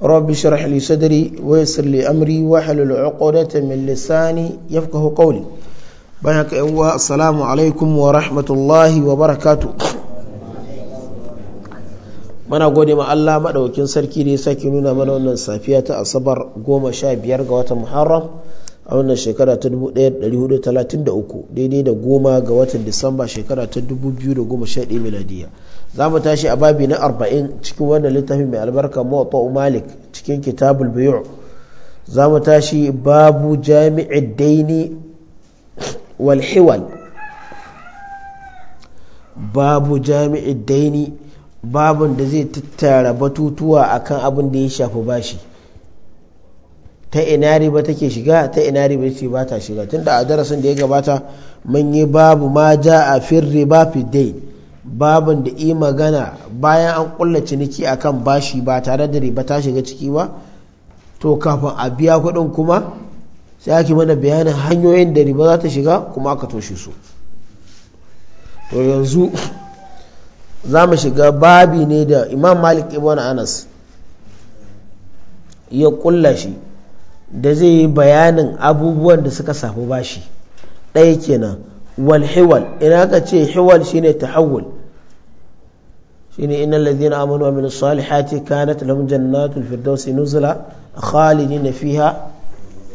rabbi shirah li sadri wa yassir li amri wa halul 'uqdatam min lisani yafqahu qawli bayan ka yawa assalamu alaikum wa rahmatullahi wa barakatu. mana gode ma Allah madaukin sarki ne sake nuna mana wannan safiya ta asabar biyar ga watan muharram a wannan shekara ta 1433 daidai da goma ga watan disamba shekara ta 2011 miladiya za mu tashi a babi na 40 cikin wannan littafin mai albarka mawata malik cikin kitabul bayu za mu tashi babu jami'in daini wal hiwal babu jami'in daini babun da zai tattara batutuwa akan abin da ya shafi bashi ta ina riba take shiga ta ina riba ce ba ta shiga tunda a darasin da ya gabata mun yi babu ma ja a fir riba fi dai babin da i magana bayan an kulla ciniki akan bashi ba tare da riba ta shiga ciki ba to kafin a biya kuɗin kuma sai ake mana bayanin hanyoyin da riba za ta shiga kuma aka toshe su to yanzu za mu shiga babi ne da imam malik ibn anas ya kulla shi da zai yi bayanin abubuwan da suka safi bashi ɗaya kenan wal hiwal ina ka ce hiwal shine tahawul shine innal ladhina amanu wa salihati kanat lahum jannatul firdausi nuzula khalidina fiha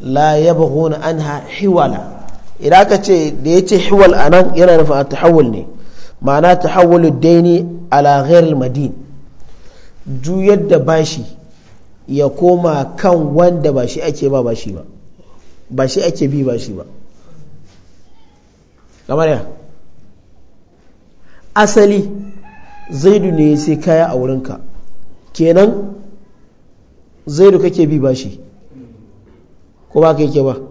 la yabghuna anha hiwala idan ka ce da ya hiwal a nan yana nufin a tahawul ne ma'ana tahawulu daini ala ghairil madin juyar da bashi ya koma kan wanda ba shi ake ba ba shi ba ba shi ake bi ba shi ba kamar ya asali zaidu ne sai kaya a wurinka kenan zaidu kake bi ba shi ko ba ka yake ba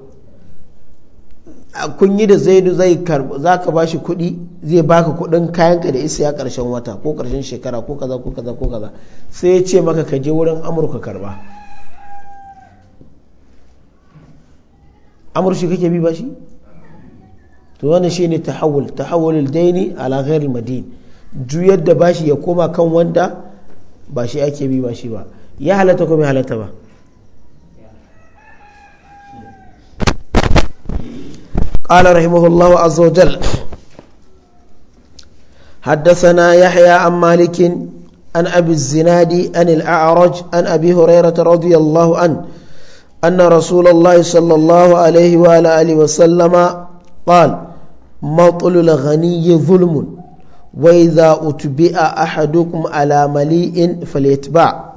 kun yi da zaidu zai karba za ka ba shi kuɗi zai baka kuɗin kayanka da isa ya ƙarshen wata ko ƙarshen shekara ko kaza ko kaza ko kaza sai ya ce maka ka je wurin amurka karba shi kake bi ba shi to wannan shi ne tahawul tahawul daini ala ghairil madin juyar da bashi ya koma kan wanda ba shi ake bi ba shi ba ya halatta ko mai halatta ba قال رحمه الله عز وجل حدثنا يحيى عن مالك عن أبي الزناد عن الأعرج عن أبي هريرة رضي الله عنه أن رسول الله صلى الله عليه وآله وسلم قال مطل الغني ظلم وإذا أتبع أحدكم على مليء فليتبع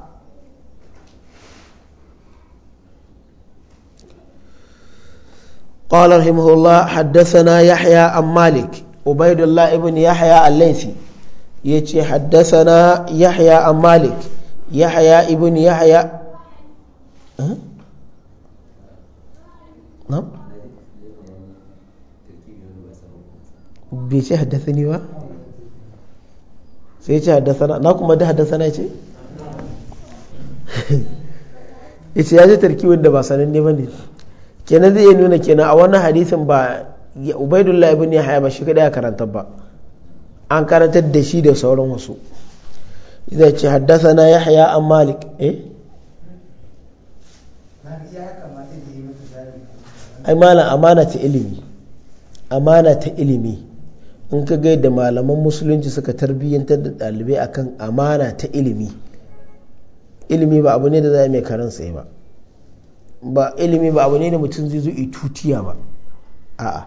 قال رحمه الله حدثنا يحيى عن مالك عبيد الله ابن يحيى الليثي يتي حدثنا يحيى عن مالك يحيى ابن يحيى نعم بيتي حدثني وا سيتي حدثنا ناكم ده حدثنا يتي yace ya ji tarkiwin da ba sananne ba ne kenan zai nuna kenan a wannan hadisin ba ubaidullah ibn yahya ba shi kadai ya karanta ba an karantar da shi da sauran wasu idan ce haddasa na yahya an malik eh ai malam amana ta ilimi amana ta ilimi in ka ga yadda malaman musulunci suka tarbiyyantar da ɗalibai akan amana ta ilimi ilimi ba abu ne da za a mai karan sai ba ba ilimi ba abu ne da mutum zai zo tutiya ba a'a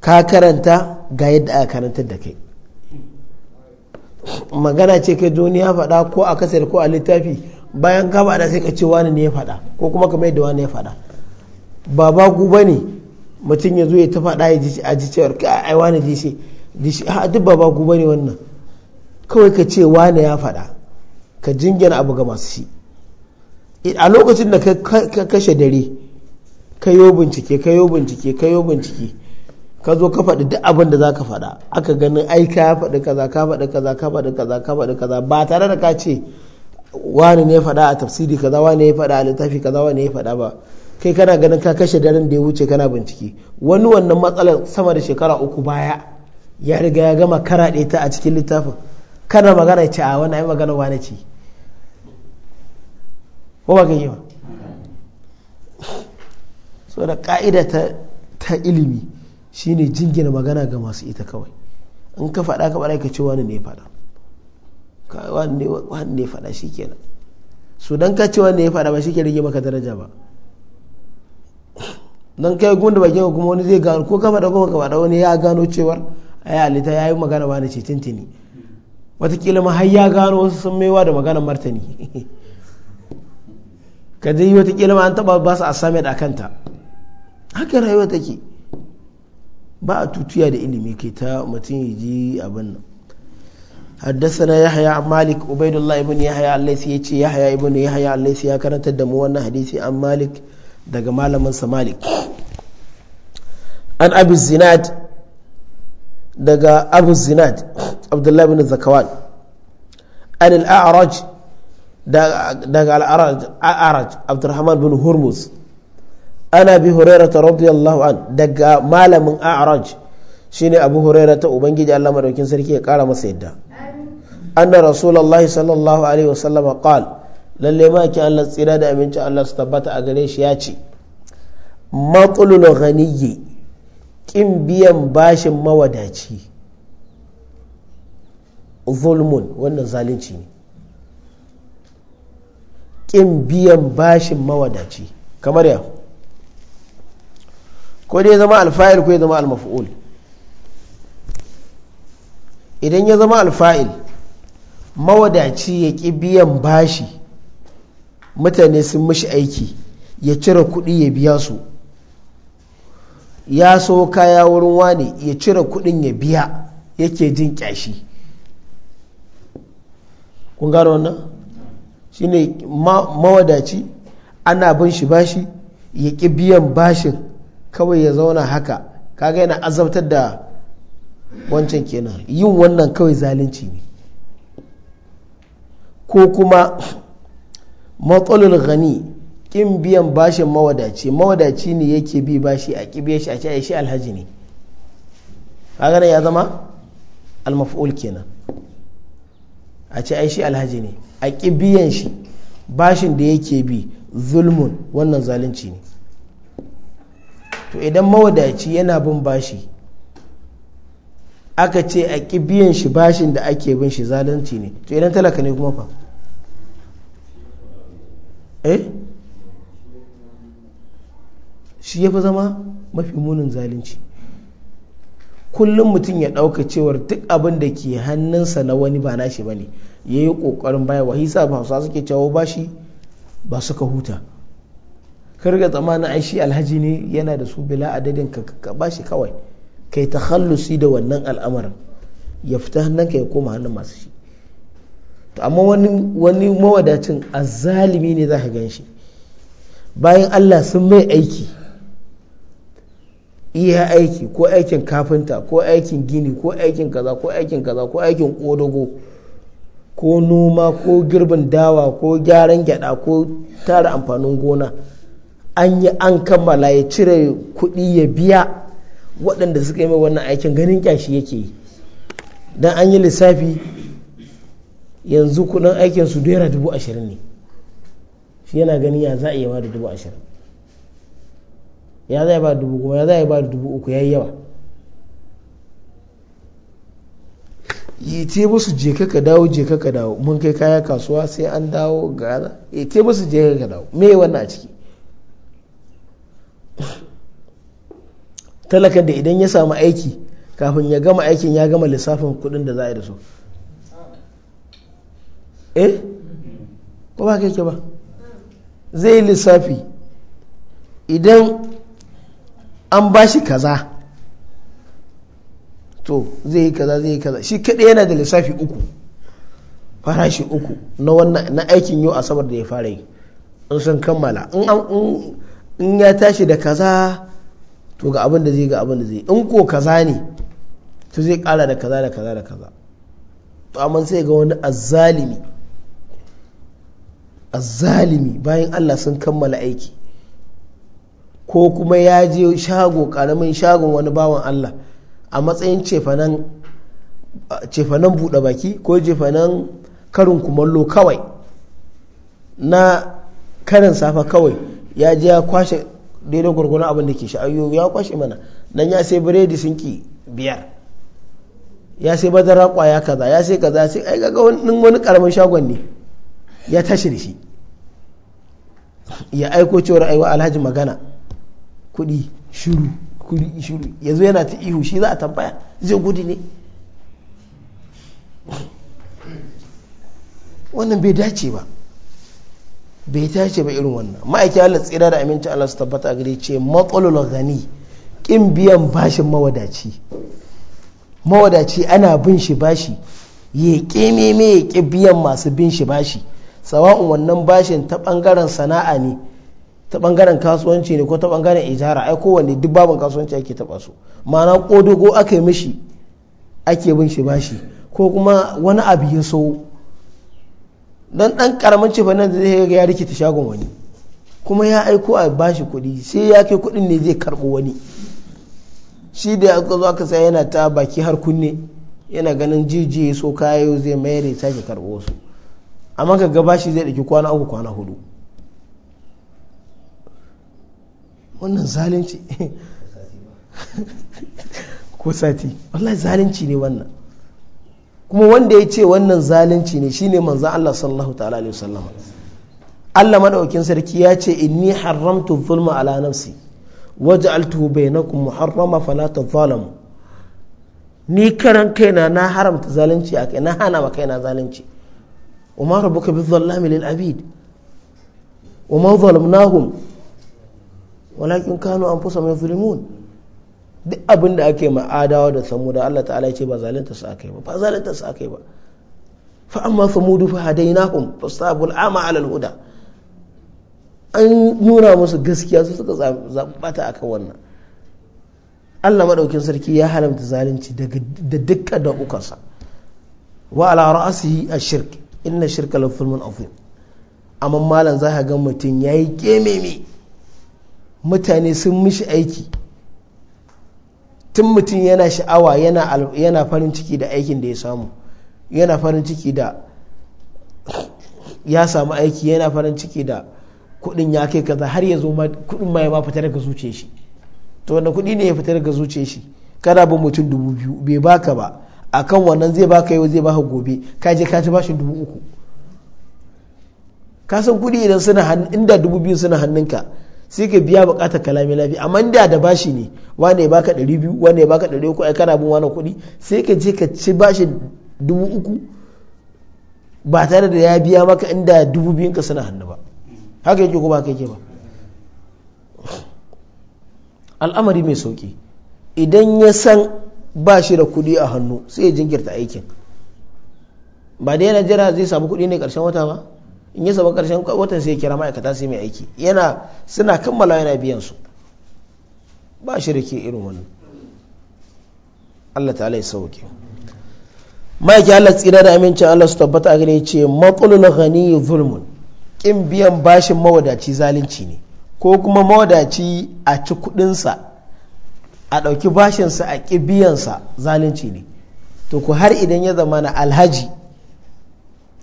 ka karanta ga yadda aka karantar da kai magana ce kai duniya ya faɗa ko a kasar ko a littafi bayan ka faɗa sai ka ce wani ne ya faɗa ko kuma kamar yadda wani ya faɗa ba ba gu ba ne mutum ya zo ya ta faɗa ya a ji cewar ka ai wani ji shi a duk ba ba gu ba ne wannan kawai ka ce wani ya faɗa ka jingina abu ga masu shi a lokacin da ka kashe dare ka yi bincike ka yi bincike ka yi bincike ka zo ka faɗi duk abin da za ka faɗa aka ganin ai ka faɗi kaza ka faɗi kaza ka faɗi kaza ka faɗi kaza ba tare da ka ce wani ne faɗa a tafsiri kaza wani ya faɗa a littafi kaza wani ya faɗa ba kai kana ganin ka kashe daren da ya wuce kana bincike wani wannan matsalar sama da shekara uku baya ya riga ya gama karaɗe ta a cikin littafin kana magana ce a wani ai magana wani ce ko ba ka yi ba so da ka'ida ta ilimi shine jingina magana ga masu ita kawai in ka faɗa ka ɓarai ka ce wani ne faɗa wani ne faɗa shi kenan so don ka ce wani ne faɗa ba shi ke rage maka daraja ba don kai gunda bakin ka kuma wani zai gano ko ka fada ko ka fada wani ya gano cewar a yi halitta ya yi magana wani ce tintini watakila ma har ya gano wasu sun maiwa da magana martani ka je wata kilma an taba ba su assignment da kanta haka rayuwa take ba a tutuya da ilimi ke ta mutum yi ji abin nan حدثنا يحيى مالك عبيد الله ابن يحيى الليثي يجي يحيى ابن يحيى الليثي ya karantar da mu wannan hadisi an malik daga malamin sa malik an abu zinad daga abu zinad abdullahi bin zakawan an al-a'raj daga al'araj abdurrahman bin hurmus ana bi hurairata radiyallahu an daga malamin a'raj shine abu hurairata ubangiji Allah madaukin sarki ya kara masa yadda anna rasulullahi sallallahu alaihi wasallam qal lalle ma ki Allah tsira da aminci Allah su tabbata a gare shi ya ce matsulul ghaniyyi kin biyan bashin mawadaci zulmun wannan zalunci ne ƙin biyan bashin mawadaci kamar yau ko dai zama alfa'il ko ya zama almaf'ul idan ya zama alfa'il mawadaci ya ƙi biyan bashi mutane sun mishi aiki ya cire kuɗi ya biya su ya so kaya wurin wani ya cire kuɗin ya biya yake jin ƙyashi kun gano wannan shine mawadaci ana bin shi bashi ya ƙi biyan bashin kawai ya zauna haka kaga yana azabtar da wancan kenan yin wannan kawai zalunci ne ko kuma matsalul gani ƙin biyan bashin mawadaci mawadaci ne yake bi bashi a ƙi shi a shi alhaji ne kaga ya zama almaf'ul kenan a ce ai shi alhaji ne a ƙi biyan shi bashin da yake bi zulmun wannan zalunci ne to idan mawadaci yana bin bashi aka ce a ƙi biyan shi bashin da ake bin shi zalunci ne to idan talaka ne kuma fa eh shi ya fi zama mafi munin zalunci kullum mutum ya ɗauka cewar duk abin da ke hannunsa na wani ba nashi ba ne ya yi ƙoƙarin baya wa hisa ba hausa suke cewa ba shi ba suka huta karga tsamanin ai shi alhaji ne yana da su bila adadin ka ba shi kawai kai ta hallusi da wannan al'amarin ya fita ka ya koma hannun masu shi to amma wani mawadacin azzalimi ne za ka gan shi bayan allah sun mai aiki iya aiki ko aikin kafinta ko aikin gini ko aikin kaza ko aikin kaza ko aikin ƙodago ko noma ko girbin dawa ko gyaran gyada ko tara amfanin gona an yi an kammala ya cire kuɗi ya biya waɗanda suka yi mai wannan aikin ganin kyashi yake yi don an yi lissafi yanzu kuɗin aikinsu su dubu ashirin ne shi yana ganin ya za a yi ma da dubu ashirin ya zai ba dubu goma ya zai ba dubu uku ya yi yawa yi te musu je ka dawo je ka dawo mun kai kaya kasuwa sai an dawo gaza yi te musu je ka dawo me wannan a ciki talakan da idan ya samu aiki kafin ya gama aikin ya gama lissafin kudin da za a yi da su eh ko ba kai ke ba zai lissafi idan an ba shi kaza to zai yi kaza zai yi kaza shi kaɗe yana da lissafi uku farashi uku na wannan na aikin yau asabar da ya fara yi in sun kammala in ya tashi da kaza to ga abin da zai ga abin da zai in ko kaza ne to zai kara da kaza da kaza da kaza to amma sai ga wani azzalimi azzalimi bayan Allah sun kammala aiki ko kuma ya je shago karamin shagon wani bawan Allah a matsayin cefanen buɗe baki ko cefanen karin kumallo kawai na karin safa kawai ya je ya kwashe daidai gwargwaron abin da ke sha'ayyo ya kwashe mana nan ya sai biredi sinki biyar ya sai madara kwaya kaza ya sai kaza sai ai ga wani karamin shagon ne ya tashi da shi ya aiko cewar aiwa alhaji magana kuɗi shiru kuɗi shiru yanzu yana ta ihu shi za a tambaya zai gudu ne wannan bai dace ba bai dace ba irin wannan ma'aikin Allah tsira da aminci Allah su tabbata gare ce matsalul gani kin biyan bashin mawadaci mawadaci ana bin shi bashi ya ƙi ya biyan masu bin shi bashi sawa'un wannan bashin ta ɓangaren sana'a ne ta bangaren kasuwanci ne ko ta bangaren ijara ai kowanne duk babin kasuwanci ake taba su ma'ana kodogo aka yi mishi ake bin shi bashi ko kuma wani abu ya so dan dan karamin nan da zai ya rikita shagon wani kuma ya aiko a bashi kuɗi sai ya kai kuɗin ne zai karɓo wani shi da aka zo aka sai yana ta baki har kunne yana ganin jijiye so kayo zai mayar ya sake karɓo su amma ka ga bashi zai ɗauki kwana uku kwana hudu wannan zalunci ko sati wallahi zalunci ne wannan kuma wanda ya ce wannan zalunci ne shine manzan Allah sallallahu ta'ala alaihi wasallam Allah madaukin sarki ya ce inni haramtu zulma ala nafsi waj'altuhu bainakum muharrama fala tadhalamu ni karan kaina na haramta zalunci a kai na hana ma kaina zalunci umaru buka bi lil abid wa ma zalamnahum walakin kanu an fusa mai zulmun duk abin da ake ma'adawa da samu da Allah ta'ala ce ba zalunta su aka yi ba ba zalunta su aka yi ba fa amma samudu fa hadainahum fastabul ama ala huda an nuna musu gaskiya su suka zabata akan wannan Allah madaukin sarki ya haramta zalunci da dukkan da ukansa wa ala ra'sihi ash-shirk inna shirka la zulmun afim amma malan zaka ga mutum yayi kememe mutane sun mishi aiki tun mutum yana sha'awa yana farin ciki da aikin da ya samu yana farin ciki da ya samu aiki yana farin ciki da kudin ya kai kaza har ya zo kudin ma ya ma fita daga zuciya shi to wanda kudi ne ya fita daga zuciya shi kana bin mutum dubu biyu bai baka ba a kan wannan zai baka yau zai baka gobe ka je ka ci bashin dubu uku ka san kudi idan suna hannun inda dubu biyu suna hannunka sai ka biya bukatar kalami lafiya amma da da bashi ne wane ya baka 200 wane ya baka 300 ai kana bin wani kuɗi sai ka je ka ci bashi 3000 ba tare da ya biya maka inda 2000 ka suna hannu ba haka yake ko ba haka yake ba al'amari mai sauki idan ya san ba shi da kuɗi a hannu sai ya jinkirta aikin ba da yana jira zai samu kuɗi ne ƙarshen wata ba in yi zama karshen watan sai ya kira ma'aikata sai mai aiki yana suna kammala yana biyan su ba shi da irin wannan Allah ta'ala ya sauke ma'aiki Allah tsira da amincin Allah su tabbata a gare ce matsalul ghani zulmun kin biyan bashin mawadaci zalunci ne ko kuma mawadaci a ci kudinsa a ɗauki sa a ƙi biyansa zalunci ne to ku har idan ya zama na alhaji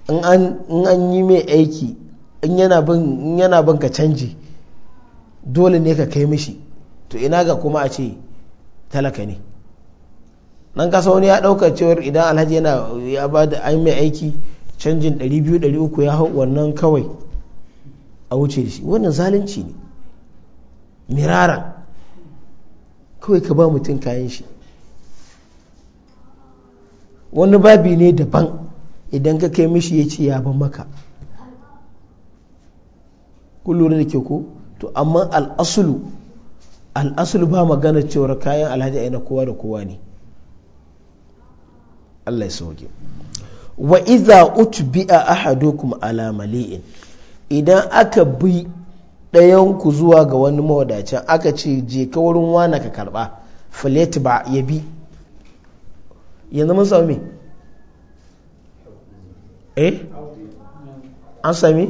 in an yi mai aiki in yana bin ka canji dole ne ka kai mishi to ina ga kuma a ce talaka ne nan kasa wani ya ɗauka cewar idan alhaji yana ya ba da an mai aiki canjin 200-300 ya hau wannan kawai a wuce da shi wannan zalunci ne mirara kawai ka ba mutum kayan shi wani babi ne daban idan ka kai mishi ya ce ya ba maka kullum lura da ke ko to amma al'asulu al'asulu ba magana cewar kayan alhaji a aina kowa da kowa ne Allah ya sauke wa iza utbi'a ahadukum ala mali'in idan aka bi ɗayan ku zuwa ga wani mawadacin aka ce je ka wurin wana ka karba falet ba ya bi yanzu mun samu me eh an sami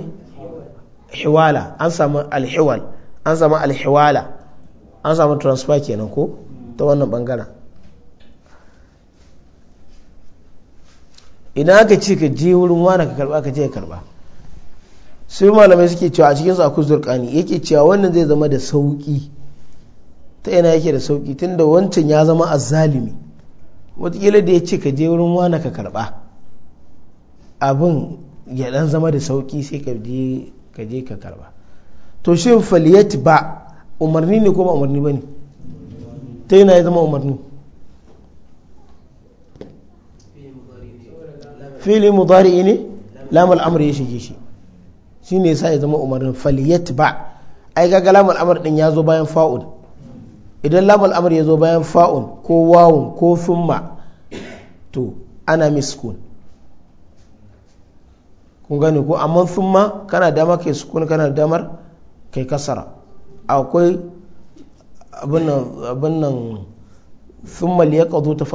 hiwala an sami alhiwal an sami alhiwala an sami transfer kenan ko ta wannan bangaren idan aka ce ka je wurin wani ka karba ka je ka karba sai malamai suke cewa a cikin akwai zurkani yake cewa wannan zai zama da sauki ta yana yake da sauki tunda wancan ya zama zalimi wataƙila da ya ce ka je wurin wani ka karba abin ya dan zama da sauki sai ka je ka je ka karba to shin faliyat ba umarni ne ko ba umarni bane ta yana ya zama umarni fili mudari ne lamal amr ya shige shi shi ne sa ya zama umarni faliyat ba ai ga lamal amr din ya zo bayan fa'ul idan lamal amr ya zo bayan fa'ul ko wawun ko summa to ana miskun kun gane ko amma ma kana damar kai kuna kana damar kai kasara akwai abin nan thumma liyaqadu ta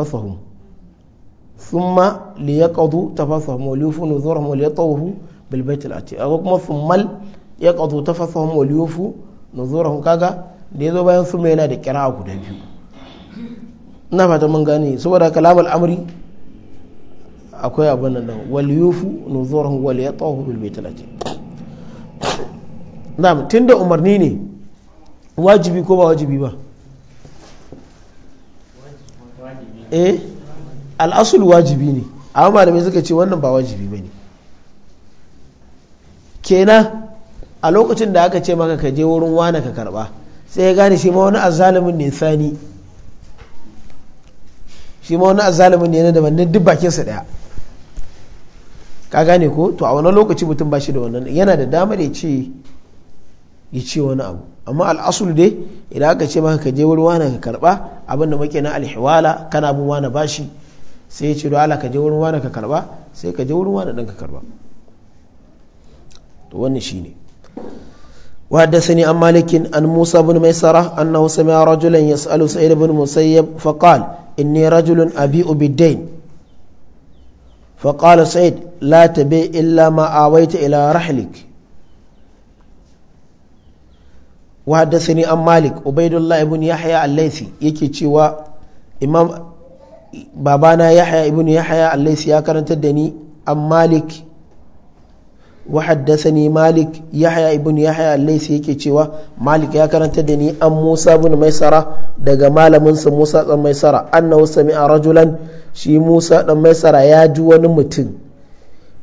thumma liyaqadu tafassahum wa liyufu nuzurahum wa liyatawafu bil hu bilbaitul ati akwai kuma ta thumma liyaqadu tafassahum wa liyufu nuzurahum kaga da zo bayan ma yana da kira a guda biyu ina fata mun gane saboda kalamar amri akwai abin nan wal yufu nuzurhum wal mai talatin. na tun da umarni ne wajibi ko ba wajibi ba eh al'asul wajibi ne amma malamai suka ce wannan ba wajibi ba ne kenan a lokacin da aka ce maka ka je wurin wane ka karba sai ya gane shi ma wani azalimin ne sani shi ma wani azalimin ne na daban duk bakinsa daya ka gane ko to a wani lokaci mutum ba shi da wannan yana da damar ya ce ya ce wani abu amma al'asul dai idan aka ce maka ka wurin wani ka karba abinda muke na alhiwala kana bin wani bashi sai ya ce don Allah ka je wurin wani ka karba sai ka je wurin wani dan ka karba to wannan shine وحدثني عن مالك عن موسى بن ميسرة أنه سمع رجلا يسأل سعيد بن مسيب فقال إني رجل أبيء بالدين فقال سعيد لا تبيع إلا ما آويت إلى رحلك وحدثني أم مالك عبيد الله بن يحيى الليثي يكي تشيوا إمام بابانا يحيى ابن يحيى الليثي يا كرنت الدني أم مالك وحدثني مالك يحيى ابن يحيى الليثي يكي تشيوا مالك يا كرنت الدني أم موسى بن ميسرة دقا مال منس موسى بن ميسرة أنه سمع رجلا shi musa dan tsara ya ji wani mutum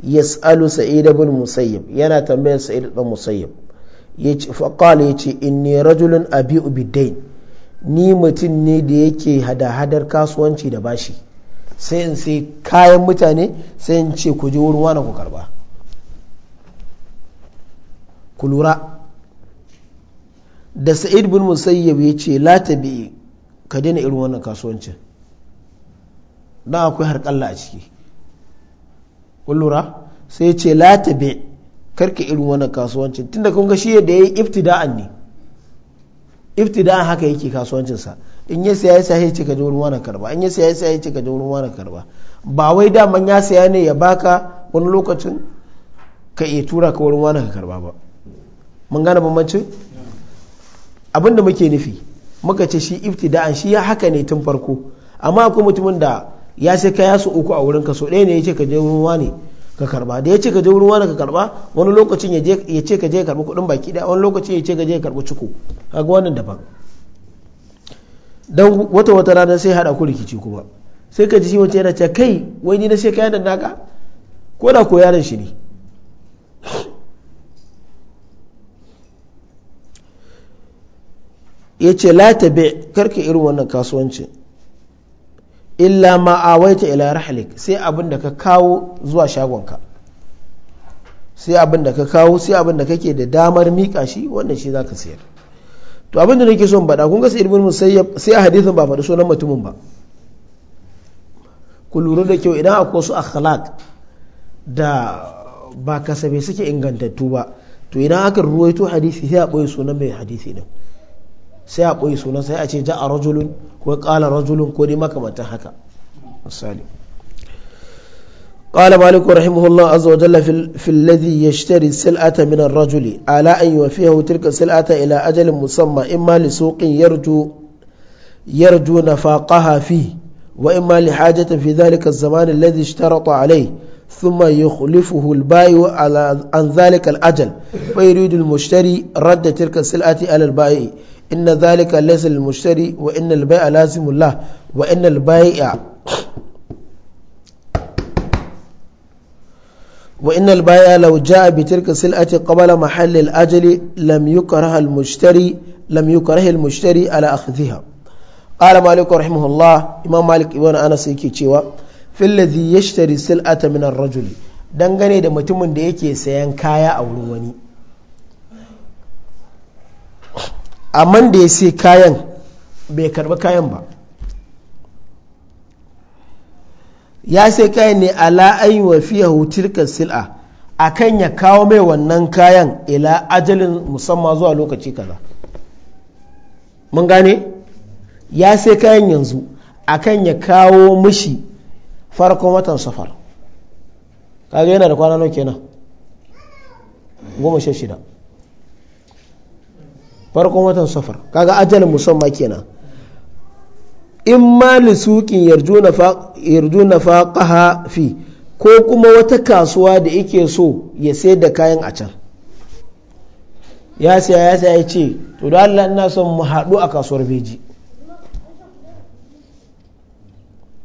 ya yas'alu sa'id ibn musayyib yana tambayar sa'id dan musayyib yace fa qala yace inni rajulun abi'u bidain ni mutum ne da yake hada-hadar kasuwanci da bashi sai in sai kayan mutane sai in ce ku je wurin wani ku karba ku da sa'id bin musayyib ya ce la ka daina irin wannan kasuwancin don akwai harƙalla a ciki kun lura sai ce la tabi karka irin wannan kasuwancin tunda kun ga shi da ya yi ibtida'an ne ibtida'an haka yake kasuwancinsa in ya saya ya ce ka je wurin wani karba in ya saya ya ce ka je wurin wani karba ba wai daman ya siya ne ya baka wani lokacin ka iya tura ka wurin wani ka karba ba mun gane bambancin abinda muke nufi muka ce shi iftida'an shi ya haka ne tun farko amma akwai mutumin da ya sai ka su uku a wurin ka so ɗaya ne ya ce ka je wurin wani ka karba da ya ce ka je wurin wani ka karba wani lokacin ya ce ka je ka karba kuɗin baki ɗaya wani lokacin ya ce ka je ka karbi ciko ga wannan daban don wata wata rana sai hada ku rikici kuma sai ka ji shi wace yana ce kai wai ni na sai ka da naka ko da ko yaron shi ne ya ce la bai karka irin wannan kasuwanci illa ma awaita ila rahlik sai abin da ka kawo zuwa shagonka sai abin da ka kawo sai abin da kake da damar miƙa shi wannan shi zaka sayar to abin da nake son bada kun ga sai ibn musayyab sai a hadisin ba faɗi sunan mutumin ba ku lura da kyau idan akwai su akhlaq da ba kasabe suke ingantattu ba to idan aka ruwaito hadisi sai a ɓoye sunan mai hadisi din sai a ɓoye sunan sai a ce ja a rajulun ko ƙala rajulun ko dai makamantan haka misali قال مالك رحمه الله عز وجل في, في الذي يشتري السلعة من الرجل على أن يوفيه تلك السلعة إلى أجل مسمى إما لسوق يرجو يرجو نفاقها فيه وإما لحاجة في ذلك الزمان الذي اشترط عليه ثم يخلفه البائع على عن ذلك الأجل ويريد المشتري رد تلك السلعة على البائع inna zalika laysa lil mushtari wa innal bai'a lazimul lah wa innal bai'a wa innal bai'a law ja'a bi tilka sil'ati qabla mahall al ajli lam yukrah al mushtari lam malik rahimahullah imam malik ibn anas yake cewa fil ya yashtari sil'ata min rajul. rajuli dangane da mutumin da yake sayan kaya a wurin wani amma da ya sai kayan bai karba kayan ba ya sai kayan ne ala an wa fiya tilka sil'a akan ya kawo mai wannan kayan ila ajalin musamman zuwa lokaci kaza mun gane ya sai kayan yanzu akan ya kawo mishi farkon watan safar kaga yana da kwana nawa kenan goma sha shida farkon watan safar kaga ajalin musamman kenan in ma lisukin yarjuna faqaha fi ko kuma wata kasuwa da yake so ya sayar da kayan a can ya siya ya siya ya ce to da Allah ina son mu haɗu a kasuwar beji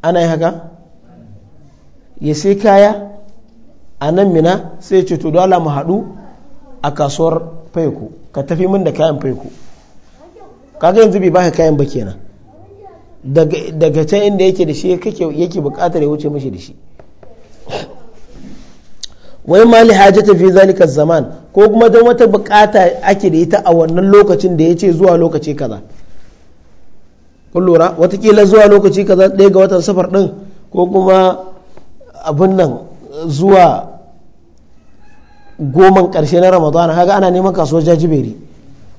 ana yi haka ya sai kaya a nan mina sai ce to da Allah mu haɗu a kasuwar faiku ka tafi min da kayan faiku kaga yanzu bai baka kayan ba kenan daga can inda yake da shi kake yake bukatar ya wuce mashi da shi wai ma li hajata fi zalika zaman ko kuma don wata bukata ake da ita a wannan lokacin da yace ce zuwa lokaci kaza kun lura watakila zuwa lokaci kaza ɗaya ga watan safar ɗin ko kuma abin nan zuwa goman karshe na ramadana kaga ana neman kasuwar jajiberi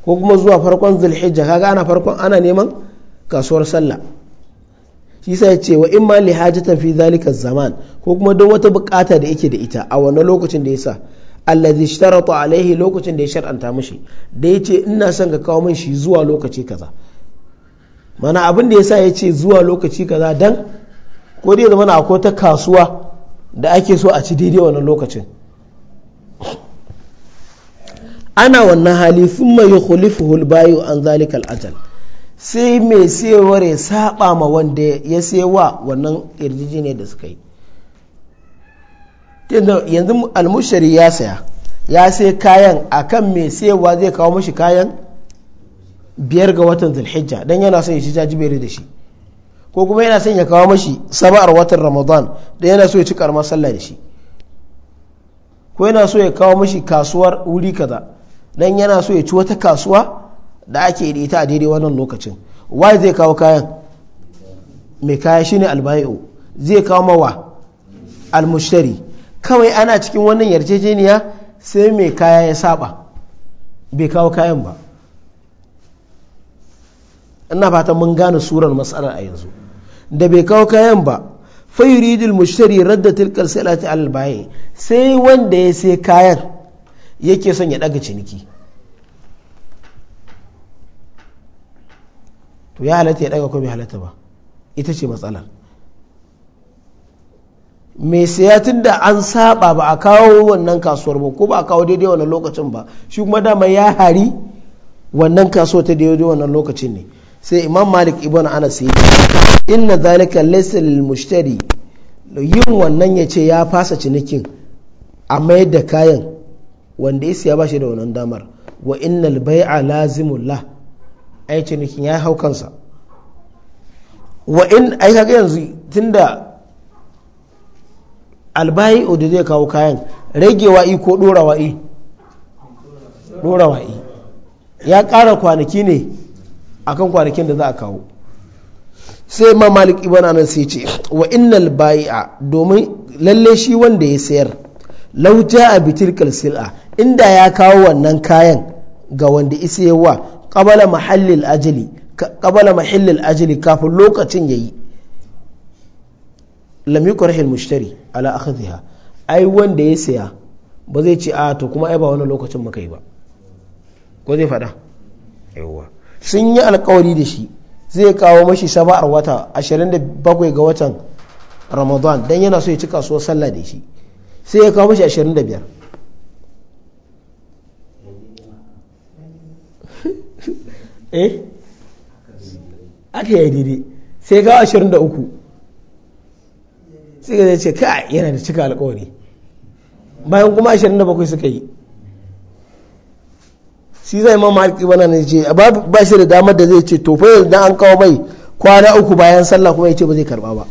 ko kuma zuwa farkon zulhijja kaga ana farkon ana neman kasuwar sallah shi sai ce wa imma li hajatan fi zalika zaman ko kuma don wata bukata da yake da ita a wannan lokacin da yasa allazi ishtarata alaihi lokacin da ya shar'anta mishi da yace ina son ka kawo min shi zuwa lokaci kaza mana abin da yasa yace zuwa lokaci kaza dan ko dai zama akwai ta kasuwa da ake so a ci daidai wannan lokacin ana wannan hali thumma yukhlifuhu al-bayu an zalika al-ajal sai mai sayarwar ya saba ma wanda ya sayawa wannan ne da suka yi yanzu almushari ya saya ya sai kayan akan mai sayarwa zai kawo mashi kayan biyar ga watan zulhijja don yana son ya ci jajibere da shi ko kuma yana son ya kawo mashi sabar watan ramadan da yana so ya ci karamar sallah da shi ko yana so ya kawo mashi kasuwar wuri kaza dan yana so ya ci wata kasuwa da ake da ita a daidai wannan lokacin wai zai kawo kayan mai kaya shine albayo zai kawo mawa almushtari kawai ana cikin wannan yarjejeniya sai mai kaya ya saba bai kawo kayan ba ina fata mun gane surar matsalar a yanzu da bai kawo kayan ba fayuridul mushtari radda tilkar salati al sai wanda ya sai kayan yake son ya ɗaga ciniki to ya halatta ya ɗaga ko bai halatta ba ita ce matsalar mai saya tun da an saba ba a kawo wannan kasuwar ba ko ba a kawo daidai wannan lokacin ba shi kuma dama ya hari wannan kasuwa ta daidai wannan lokacin ne sai imam malik ibn anas ya ce inna zalika laysa lil mushtari yin wannan ya ce ya fasa cinikin a mayar da kayan wanda ya siya ba shi da wannan damar wa innal bai'a lazimul la ai cinikin ya hau kansa wa in ai kaga yanzu tunda albayi da zai kawo kayan ragewa i ko dorawa i dorawa i ya kara kwanaki ne akan kwanakin da za a kawo sai ma malik ibn anas sai ce wa innal bai'a domin lalle shi wanda ya sayar lau jaa bi tilkal sil'a inda ya kawo wannan kayan ga wanda isiyarwa qabala wa ajali qabala mahallil ajili kafin lokacin ya yi yukrahil mushtari ala akhdhiha ai wanda ya saya ba zai ce a to kuma ai ba wani lokacin muka yi ba ko zai fada? yawwa sun yi alkawari da shi zai kawo mashi saba'ar wata 27 ga watan ramadan dan yana so ya ci kasuwar sallah da shi sai ya kawo mashi 25 eh aka yi daidai sai ga 23 sai ga ce kai yana da cika alkawari bayan kuma 27 suka yi shi zai ma maliki bana ne ce ba shi da damar da zai ce to fa yanzu an kawo mai kwana uku bayan sallah kuma ya ce ba zai karba ba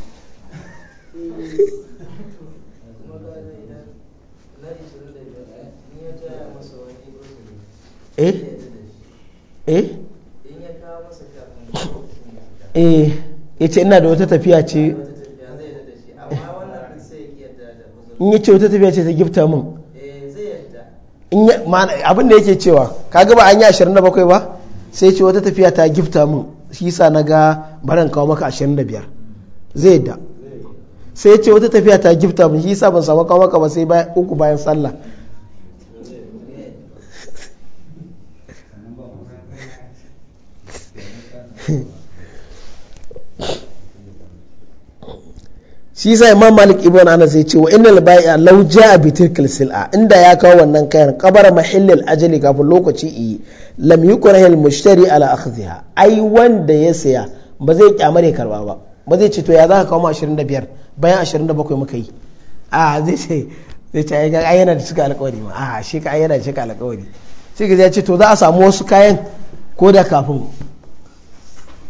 eh eh Eh, ce ina da wata tafiya ce in yi ce wata tafiya ce ta gifta min eh, abin da yake cewa ka gaba an yi 27 ba sai ce wata tafiya ta gifta min shi sa na ga baran kawo maka 25 zai da sai ce wata tafiya ta gifta min shi sa ban samu kawo maka ba sai uku bayan sallah Hmm. shi yasa imam malik ibn anas ya ce wa innal bai'a law jaa bi tilkal sil'a inda ya kawo wannan kayan qabar mahillal ajali kafin lokaci yi lam yukrah al mushtari ala akhdhiha ai wanda ya saya ba zai kyamare ya karba ba ba zai ce to ya zaka kawo mu 25 bayan 27 muka yi a zai ce zai ce ai yana da cika alƙawari ma a shi ka yana da cika alƙawari sai zai ce to za a samu wasu kayan ko da kafin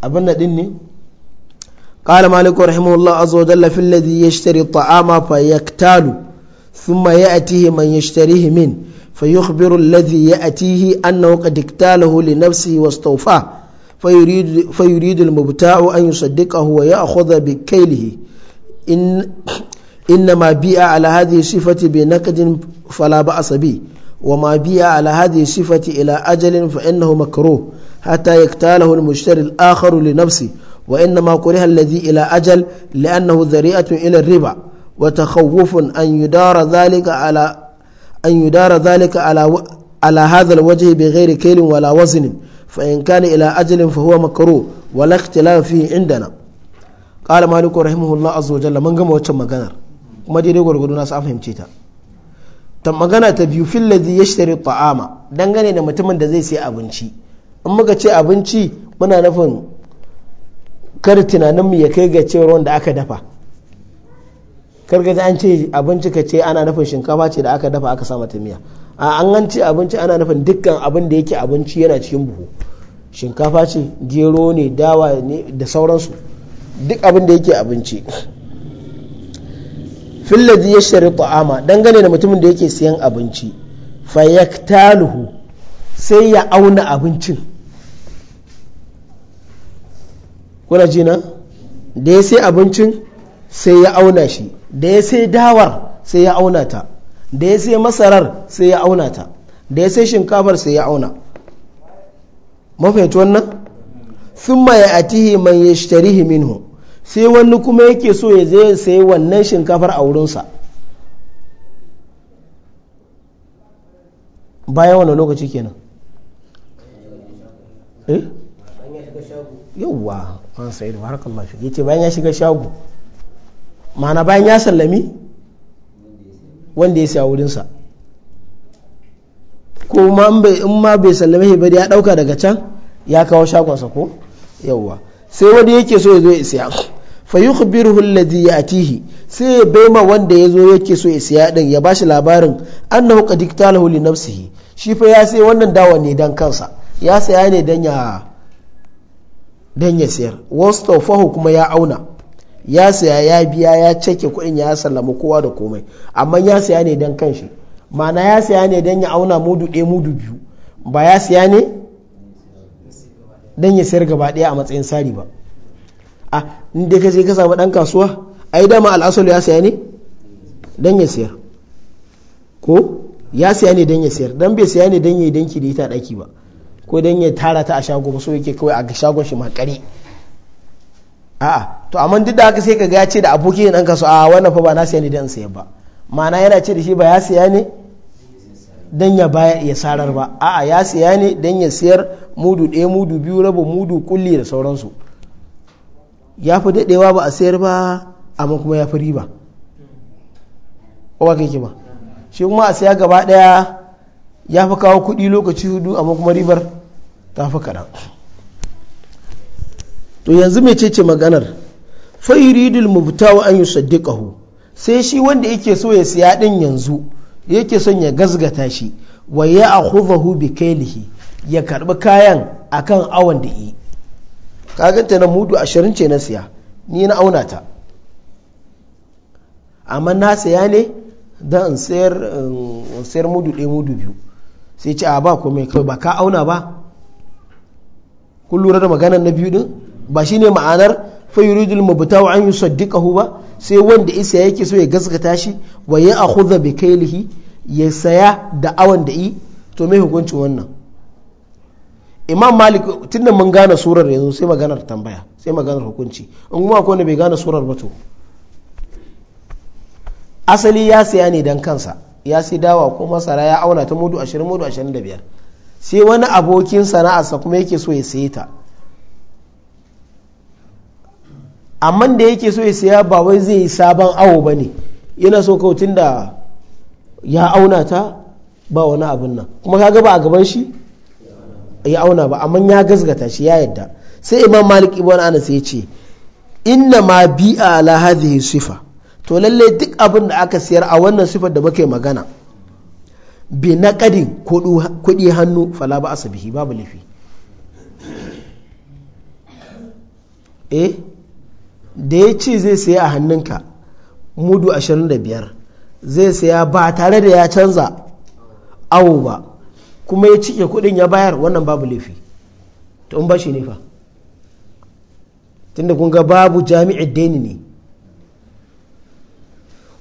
abin da din ne قال مالك رحمه الله عز وجل في الذي يشتري الطعام فيكتال ثم يأتيه من يشتريه منه فيخبر الذي يأتيه أنه قد اكتاله لنفسه واستوفاه فيريد, فيريد المبتاع أن يصدقه ويأخذ بكيله إن إنما بيع على هذه الصفة بنقد فلا بأس به وما بيع على هذه الصفة إلى أجل فإنه مكروه حتى يكتاله المشتري الآخر لنفسه وإنما كره الذي إلى أجل لأنه ذريعة إلى الربا وتخوف أن يدار ذلك على أن يدار ذلك على على هذا الوجه بغير كيل ولا وزن فإن كان إلى أجل فهو مكروه ولا اختلاف فيه عندنا قال مالك رحمه الله عز وجل من قام وتم مغنر kuma daidai gwargwado na an fahimce ta ta magana ta biyu fil ladhi yashtari ta'ama dangane da mutumin da zai sai abinci in muka ce abinci muna nufin kar tunaninmu ya kai ga cewar wanda aka dafa kar ga an ce abinci ka ce ana nufin shinkafa ce da aka dafa aka sa mata miya a an an ce abinci ana nufin dukkan abin da yake abinci yana cikin buhu shinkafa ce gero ne dawa ne da sauransu duk abin da yake abinci filladi ya shari ta'ama dangane da mutumin da yake siyan abinci fayyaktaluhu sai ya auna abincin kuna ji na da ya sai abincin sai ya auna shi da ya sai dawar sai ya auna ta da ya sai masarar sai ya auna ta da ya sai shinkafar sai ya auna mafahimci wannan sun ya atihi man ya shtarihi minhu sai wani kuma yake so ya zai sai wannan shinkafar a wurinsa bayan wani lokaci kenan eh yawwa man sa'id barakallahu fi yace bayan ya shiga shago ma'ana bayan ya sallami wanda ya siya sa ko in ma bai sallame shi ba ya dauka daga can ya kawo shagon sa ko yawwa sai wanda yake so ya zo ya siya fa yukhbiruhu alladhi yatihi sai ya baima wanda ya zo yake so ya siya din ya bashi labarin annahu qad iktalahu li nafsihi shi fa ya sai wannan dawa ne dan kansa ya saya ne dan ya don ya sayar wasu kuma ya auna ya saya ya biya ya cike kuɗin ya sallama kowa da komai amma ya saya ne don kanshi ma'ana ya saya ne don ya auna mudu ɗaya mudu biyu ba ya saya ne don ya sayar gaba ɗaya a matsayin sari ba a inda ka je ka samu ɗan kasuwa ai dama al'asalu ya saya ne don ya sayar ko ya saya ne don ya sayar don bai saya ne don ya yi danki da ita ɗaki ba ko don ya tara ta a shago ba so yake kawai a shagon shi makare a'a to amma duk da haka sai ka ya ce da aboki an kasu. a wannan fa ba na siya ne don siya ba ma'ana yana ce da shi ba ya siya ne don ya baya ya sarar ba a'a ya siya ne don ya siyar mudu ɗaya mudu biyu rabu mudu kulli da sauransu ya fi daɗewa ba a siyar ba amma kuma ya fi riba ba kai ba shi kuma a siya gaba ɗaya ya fi kawo kuɗi lokaci hudu amma kuma ribar ta fi kaɗan to yanzu mai ce maganar fa mubuta wa an yusaddiqahu sai shi wanda yake so ya siya ɗin yanzu yake son ya gazgata shi wa ya hubi bi lihi ya karɓi kayan akan awon da yi kaganta na mudu ashirin ce na siya ni na auna ta amma na siya ne don in sayar mudu ɗaya mudu biyu sai ce a ba komai kawai ba ka auna ba kun lura da maganar na biyu din ba shine ma'anar fa yuridul mubtau an yusaddiqahu ba sai wanda isa yake so ya gaskata shi wa ya akhudha bi lihi ya saya da awan da i to me hukuncin wannan imam malik tunda mun gane surar yanzu sai maganar tambaya sai maganar hukunci in kuma akwai wanda bai gane surar ba to asali ya saya ne dan kansa ya sai dawa ko masara ya auna ta mudu 20 mudu 25 sai wani abokin sana'arsa kuma yake so ya saye ta amma da yake so ya saya ba wai zai yi sabon awo ba ne yana so kautin da ya auna ta ba wani abin nan kuma kaga ba a gaban shi ya auna ba amma ya gazgata shi ya yadda sai imam malik ibn anas ya ce inna ma bi'a ala hadhihi sifa to lalle duk abin da aka siyar a wannan sifar da muke magana bi na kadin kuɗi hannu fala ba asabihi babu laifi eh da ya ce zai saya a hannunka mudu 25 zai saya ba tare da ya canza awo ba kuma ya cike kuɗin ya bayar wannan babu laifi to in ba shi ne fa tunda kun ga babu jami'i daini ne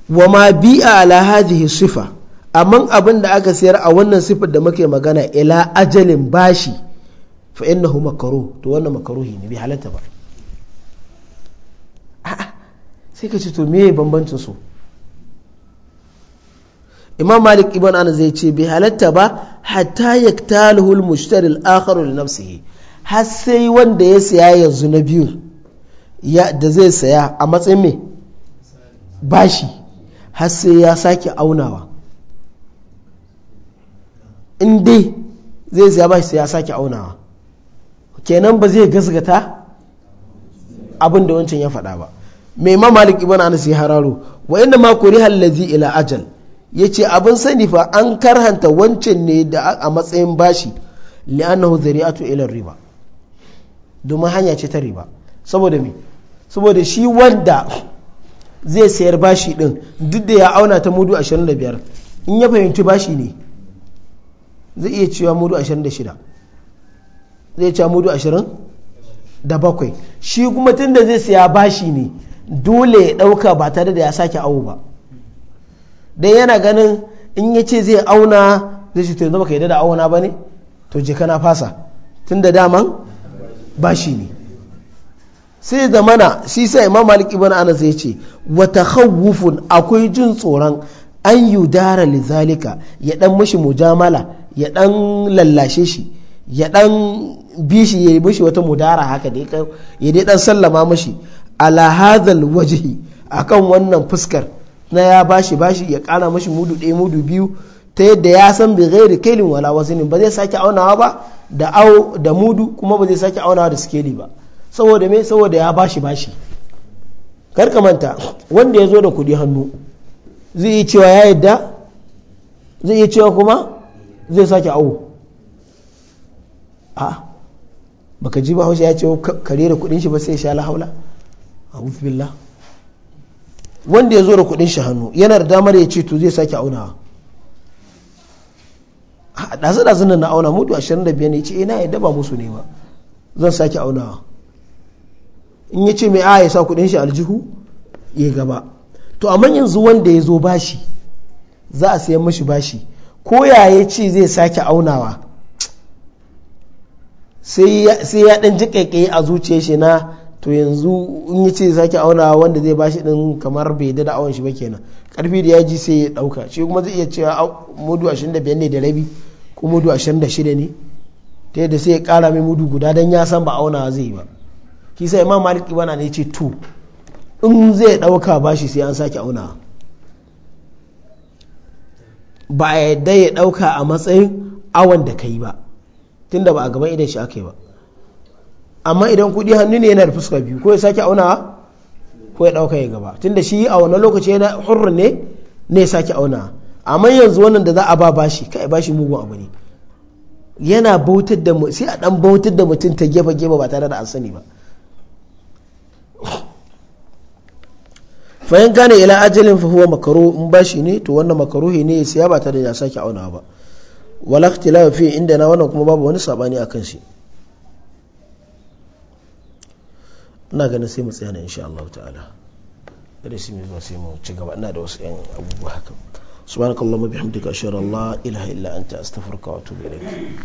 wa ma bi'a ala hadhihi sifa amma abin da aka sayar a wannan sifar da muke magana ila ajalin bashi fa innahu makaruh to wannan makaruhi ne bai halatta ba sai ka ce to me bambanci su imam malik ibn anas zai ce bai halatta ba hatta yaktaluhu al-mushtari al-akhar li nafsihi har sai wanda ya saya yanzu na biyu da zai saya a matsayin me bashi har sai ya sake aunawa in dai zai siya ba shi sai ya sake aunawa kenan ba zai gasgata abin da wancan ya faɗa ba mai ma malik na anas ya hararo wa inda ma kori hallazi ila ajal ya ce abin sani fa an karhanta wancan ne da a matsayin bashi li'annahu zari'atu ila riba domin hanya ce ta riba saboda me saboda shi wanda zai sayar bashi din duk da ya auna ta mudu 25 in ya fahimci bashi ne zai iya cewa mudu 26 zai cewa mudu 20 da bakwai shi kuma tun da zai siya bashi ne dole ya ɗauka ba tare da ya sake awo ba dan yana ganin in ya ce zai auna zai ce to yanzu baka yadda da auna ba ne to je kana fasa tun da daman bashi ne sai zamana shi sai imam malik ibn anas ya ce wata khawufun akwai jin tsoron an yudara lizalika ya dan mushi mujamala ya dan lallashe shi ya dan bi shi ya mishi wata mudara haka da ya dai dan sallama mashi ala hadhal wajhi akan wannan fuskar na ya bashi bashi ya kara mishi mudu ɗaya mudu biyu ta yadda ya san bi ghairi kailin wala wazinin ba zai sake aunawa ba da au da mudu kuma ba zai sake aunawa da skeli ba saboda me saboda ya bashi bashi kar ka manta wanda ya zo da kudi hannu zai yi cewa ya yadda zai yi cewa kuma zai sake awo a baka ji ba hausa ya ce kare da kudin shi ba sai sha lahaula a billah wanda ya zo da kudin shi hannu yana da damar ya ce to zai sake aunawa a ɗazu ɗazu nan na auna mutu 25 ne ya ce ina eh, ya daba musu ne ba zan sake aunawa in ya ce mai a ya sa kudin shi aljihu ya gaba to amma yanzu wanda ya zo bashi za a sayan mashi bashi ko ci zai sake aunawa sai ya ɗan jiƙaƙe a zuciya shi na to yanzu in yi ce sake aunawa wanda zai bashi ɗin kamar bai da awon shi ba kenan ƙarfi da ya ji sai ya ɗauka shi kuma zai iya cewa mudu 25 ne da rabi ko mudu 26 ne ta yadda sai ya ƙara mai mudu guda don ya san ba aunawa zai yi ba shi sai imam malik ibana ne ce to in zai ɗauka bashi sai an sake aunawa ba a yadda ya dauka a matsayin awon da ka yi ba tunda ba a gaban idan shi aka yi ba amma idan kuɗi hannu ne yana da fuska biyu ko ya sake aunawa ko ya dauka ya gaba tunda shi a wannan lokaci yana hurrun ne ne ya sake aunawa amma yanzu wannan da za a ba bashi kai bashi mugun abu ne yana bautar da sai a dan bautar da mutum ta gefe gefe ba tare da an sani ba fayin gane ila ajalin fa huwa makaru in bashi ne to wannan makaruhi ne ya siya ba ta da ya sake auna ba wala ikhtilafu fi inda na wannan kuma babu wani sabani akan shi ina ganin sai mu tsaya ne insha Allah ta'ala da shi mu sai mu ci gaba ina da wasu yan abubuwa haka subhanakallahumma bihamdika ashhadu an la ilaha illa anta astaghfiruka wa atubu ilayk